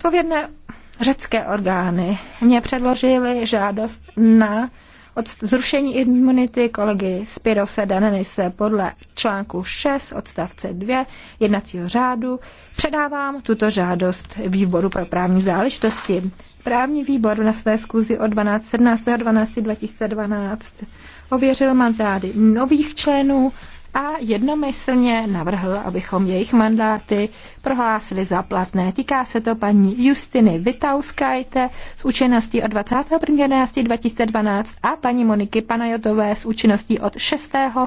Odpovědné řecké orgány mě předložily žádost na od zrušení imunity kolegy Spirose Danenise podle článku 6 odstavce 2 jednacího řádu předávám tuto žádost výboru pro právní záležitosti. Právní výbor na své zkuzi od 12. 17. 12. 2012 ověřil mandáty nových členů a jednomyslně navrhl, abychom jejich mandáty prohlásili za platné. Týká se to paní Justiny Vitauskajte s účinností od 21.11.2012 a paní Moniky Panajotové s účinností od 6.